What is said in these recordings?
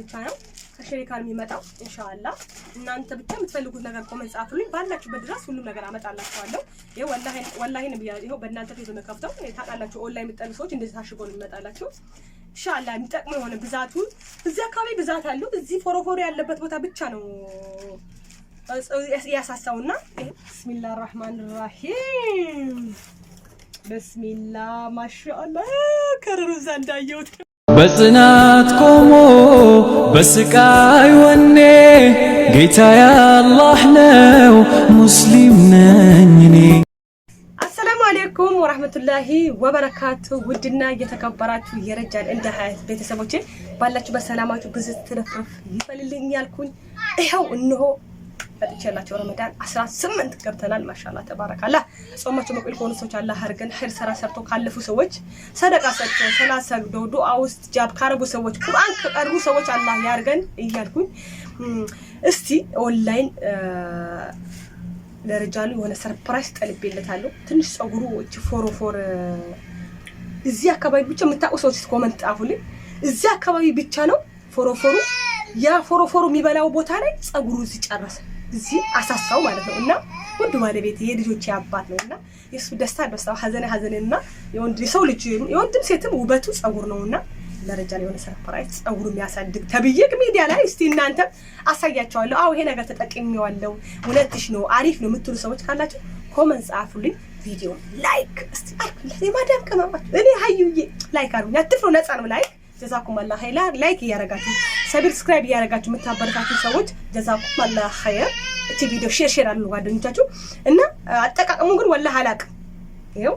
ብቻ ነው ከሸሪካ የሚመጣው። ኢንሻአላ እናንተ ብቻ የምትፈልጉት ነገር ኮመንት ጻፉልኝ። ባላችሁበት ድረስ ሁሉም ነገር አመጣላችኋለሁ። ይሄ ወላሂ ወላሂ ነው ብያለሁ። ይሄው በእናንተ ፊት ነው የምከፍተው። ታውቃላችሁ፣ ኦንላይን የምትጠሉ ሰዎች እንደዚህ ታሽጎ ነው የሚመጣላችሁ። ኢንሻአላ የሚጠቅሙ የሆነ ብዛቱ እዚህ አካባቢ ብዛት አለው። እዚህ ፎሮፎሮ ያለበት ቦታ ብቻ ነው ያሳሳውና ብስሚላህ ራህማን ራሂም በስሚላ ማሻአላ ከረሩ እዛ እንዳየሁት በጽናት ቆሞ በስቃይ ወኔ ጌታ ያላህ ነው፣ ሙስሊም ነኝ እኔ። አሰላሙ አሌይኩም ወራህመቱላሂ ወበረካቱ። ውድና እየተከበራችሁ የረጃል እንደ ሀያት ቤተሰቦችን ባላችሁ በሰላማችሁ ብዝት ትርፍርፍ ይፈልልኝ ያልኩኝ ይኸው እንሆ መጥቼላቸው ረመዳን 18 ገብተናል። ማሻላ ተባረካላ። ጾማቸው መቁል ከሆኑ ሰዎች አላህ አድርገን ኸይር ስራ ሰርቶ ካለፉ ሰዎች ሰደቃ ሰጥቶ ሰላት ሰግዶ ዱዓ ውስጥ ጃብ ካረጉ ሰዎች ቁርአን ከቀርቡ ሰዎች አላህ ያርገን እያልኩኝ እስቲ ኦንላይን ለርጃሉ የሆነ ሰርፕራይዝ ጠልቤለታለሁ። ትንሽ ጸጉሩ እቺ ፎሮፎር እዚህ አካባቢ ብቻ የምታውቁ ሰዎች ኮመንት ጻፉልኝ። እዚህ አካባቢ ብቻ ነው ፎሮፎሩ። ያ ፎሮፎሩ የሚበላው ቦታ ላይ ጸጉሩ እዚህ ጨረሰ። እዚህ አሳሳው ማለት ነው እና ወንዱ ባለቤት የልጆች አባት ነው እና የእሱ ደስታ ደስታው፣ ሀዘን ሐዘን ሐዘንና የሰው ልጅ የወንድም ሴትም ውበቱ ጸጉር ነው እና ደረጃ ላይ የሆነ ሰርፕራይዝ ጸጉር የሚያሳድግ ተብዬ ሚዲያ ላይ እስቲ እናንተ አሳያቸዋለሁ። አዎ ይሄ ነገር ተጠቅሜዋለሁ፣ እውነትሽ ነው፣ አሪፍ ነው የምትሉ ሰዎች ካላቸው ኮመን ጻፉልኝ። ቪዲዮ ላይክ እስቲ አርጉልኝ። የማዳም ቅመማቸው እኔ ሀዩዬ ላይክ አርጉኝ። አትፍሩ፣ ነፃ ነው ላይክ። ጀዛኩም አላህ ላይክ እያረጋችሁ ሰብስክራይብ እያደረጋችሁ የምታበረታችሁ ሰዎች ጀዛኩም አላ ኸይር። እቺ ቪዲዮ ሼር ሼር አሉ ጓደኞቻችሁ እና አጠቃቀሙ ግን ወላ አላቅም። ይኸው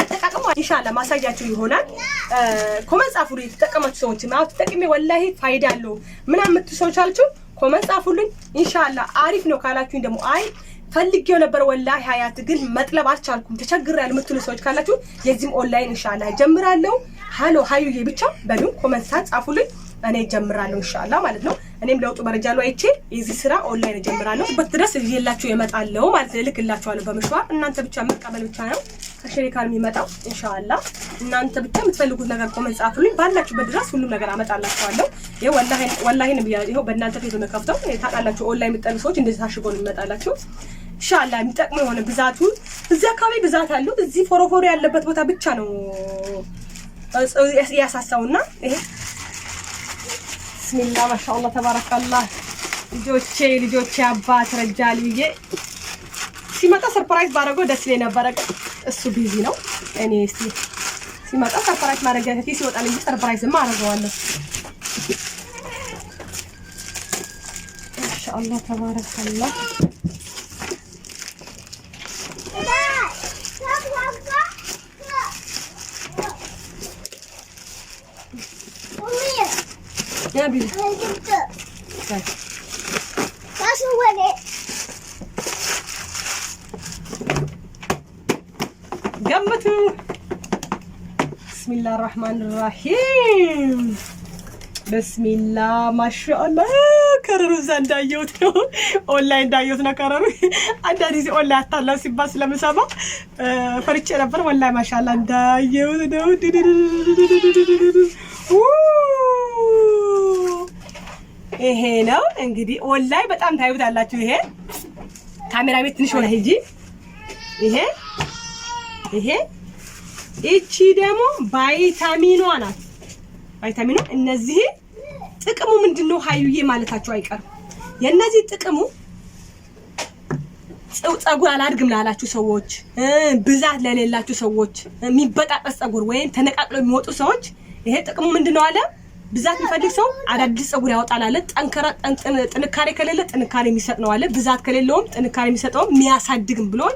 አጠቃቀሙ ኢንሻአላ ማሳያችሁ ይሆናል። ኮመንት ጻፉልኝ የተጠቀማችሁ ሰዎች ና ተጠቅሜ ወላሂ ፋይዳ አለው ምናምን የምትሉ ሰዎች አላችሁ ኮመንት ጻፉልኝ። ኢንሻአላ አሪፍ ነው ካላችሁኝ ደግሞ አይ ፈልጌው ነበር ወላሂ ሀያት ግን መጥለብ አልቻልኩም ተቸግሬያለሁ የምትሉ ሰዎች ካላችሁ የዚህም ኦንላይን ኢንሻአላ ጀምራለሁ። ሀሎ ሀዩዬ ብቻ በሉ ኮመንት ጻፉልኝ። እኔ ጀምራለሁ ኢንሻአላ ማለት ነው። እኔም ለውጡ መረጃ ላይ አይቼ የዚህ ስራ ኦንላይን ጀምራለሁ። በት ድረስ ይዤላችሁ እመጣለሁ ማለት ነው። እልክላችኋለሁ በመሸዋር እናንተ ብቻ መቀበል ብቻ ነው ከሸሪካን የሚመጣው ኢንሻአላ። እናንተ ብቻ የምትፈልጉት ነገር ኮሜንት ጻፉልኝ። ባላችሁበት ድረስ ሁሉም ነገር አመጣላችኋለሁ። ይሄ ወላሂ ወላሂ ነው ብያለሁ። ይሄው በእናንተ ፊት ነው የምከፍተው። ታውቃላችሁ ኦንላይን የምትጠሉ ሰዎች እንደዚህ ታሽጎ ነው የሚመጣላችሁ። ኢንሻአላ የሚጠቅሙ የሆነ ብዛቱ እዚህ አካባቢ ብዛት አለው። እዚህ ፎሮፎሮ ያለበት ቦታ ብቻ ነው ያሳሳውና ይሄ ብስሚላ ማሻአላ ተባረከላ ልጆቼ ልጆቼ አባት ረጃል ብዬ ሲመጣ ሰርፕራይዝ ባደረገው ደስ ይለኝ ነበረ። እሱ ቢዚ ነው። እኔ እስቲ ሲመጣ ሰርፕራይዝ ማድረግ ያለ ሲወጣ ልጅ ሰርፕራይዝ አደርገዋለሁ። ማሻአላ ተባረከላ Gel bir. ገምቱ። ብስሚላህ ራህማን ራሂም በስሚላ ማሻአላ ከረሩ እዛ እንዳየሁት ነው፣ ኦንላይን እንዳየሁት ነው ከረሩ። አንዳንድ ጊዜ ኦንላይን አታላው ሲባል ስለምሰማ ፈርቼ ነበር። ወላሂ ማሻአላ እንዳየሁት ነው። ይሄ ነው እንግዲህ ወላይ በጣም ታዩታላችሁ። ይሄ ካሜራ ቤት ትንሽ ሆነ እንጂ ይሄ ይሄ እቺ ደግሞ ቫይታሚኗ ናት። ቫይታሚኑ እነዚህ ጥቅሙ ምንድነው? ሀዩዬ ማለታቸው አይቀርም። የነዚህ ጥቅሙ ፀጉር አላድግም ላላችሁ ሰዎች፣ ብዛት ለሌላችሁ ሰዎች፣ የሚበጣጠስ ፀጉር ወይም ተነቃቅለው የሚወጡ ሰዎች ይሄ ጥቅሙ ምንድነው አለ ብዛት የሚፈልግ ሰው አዳዲስ ጸጉር ያወጣል አለ። ጥንካሬ ከሌለ ጥንካሬ የሚሰጥ ነው አለ። ብዛት ከሌለውም ጥንካሬ የሚሰጠውም የሚያሳድግም ብሎን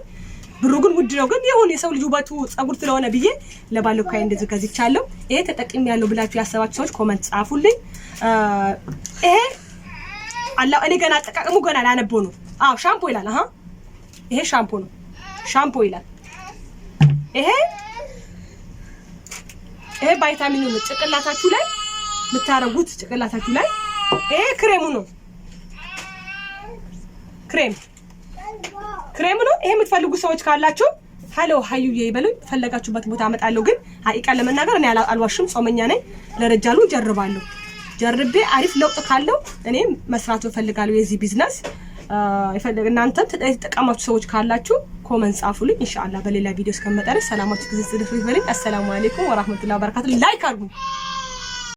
ብሩ ግን ውድ ነው። ግን የሆነ የሰው ልጅ ውበቱ ጸጉር ስለሆነ ብዬ ለባለው ካይ እንደዚህ ገዝቻለሁ። ይሄ ተጠቅሚ ያለው ብላችሁ ያሰባችሁ ሰዎች ኮመንት ጻፉልኝ። ይሄ አላ እኔ ገና አጠቃቀሙ ገና ላነበው ነው። አዎ ሻምፖ ይላል። አሃ ይሄ ሻምፖ ነው። ሻምፖ ይላል። ይሄ ይሄ ቫይታሚኑ ነው ጭቅላታችሁ ላይ የምታረጉት ጭቅላታችሁ ላይ ይሄ ክሬሙ ነው። ክሬም ክሬም ነው። ይሄ የምትፈልጉ ሰዎች ካላችሁ ሀሎ ሀዩዬ ይበሉኝ፣ ፈለጋችሁበት ቦታ አመጣለሁ። ግን ሀቂቃ ለመናገር እኔ አልዋሽም፣ ጾመኛ ነኝ። ለረጃሉ ጀርባለሁ። ጀርቤ አሪፍ ለውጥ ካለው እኔ መስራቱ እፈልጋለሁ የዚህ ቢዝነስ እናንተም የተጠቀማችሁ ሰዎች ካላችሁ ኮመንት ጻፉልኝ። ኢንሻአላህ በሌላ ቪዲዮ እስከምመጣ ሰላማችሁ ጊዜ ስለፈይበልኝ። አሰላሙ አለይኩም ወራህመቱላሂ ወበረካቱ። ላይክ አድርጉ።